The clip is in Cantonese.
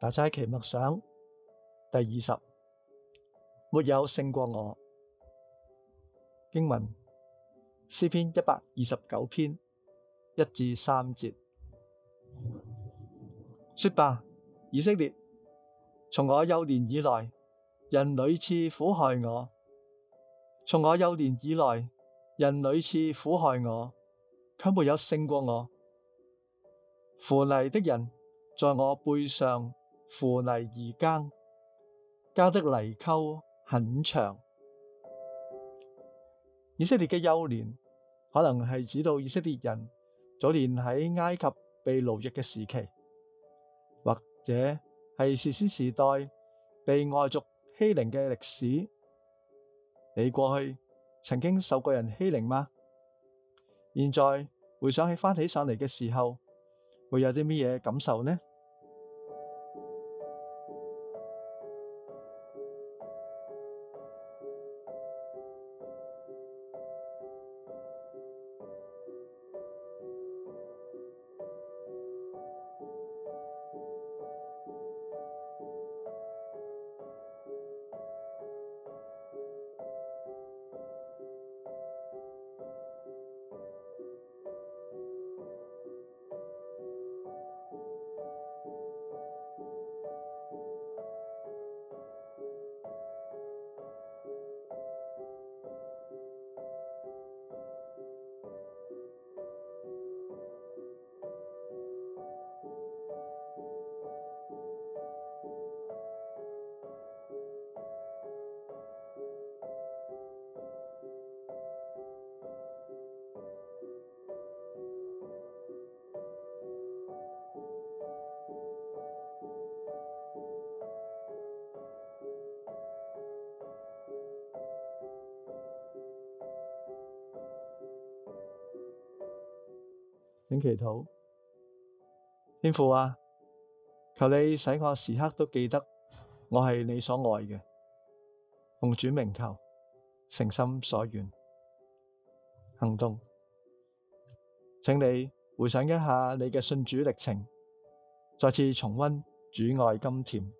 打齋奇默想第二十，沒有勝過我。經文詩篇一百二十九篇一至三節，說吧，以色列，從我幼年以來，人屢次苦害我，從我幼年以來，人屢次苦害我，卻沒有勝過我，扶犁的人在我背上。扶犁而耕，家的犁溝很長。以色列嘅幼年可能係指到以色列人早年喺埃及被奴役嘅時期，或者係士師時代被外族欺凌嘅歷史。你過去曾經受過人欺凌嗎？現在回想起翻起上嚟嘅時候，會有啲乜嘢感受呢？請祈禱，天父啊，求你使我時刻都記得我係你所愛嘅，奉主名求，誠心所願，行動，請你回想一下你嘅信主歷程，再次重溫主愛甘甜。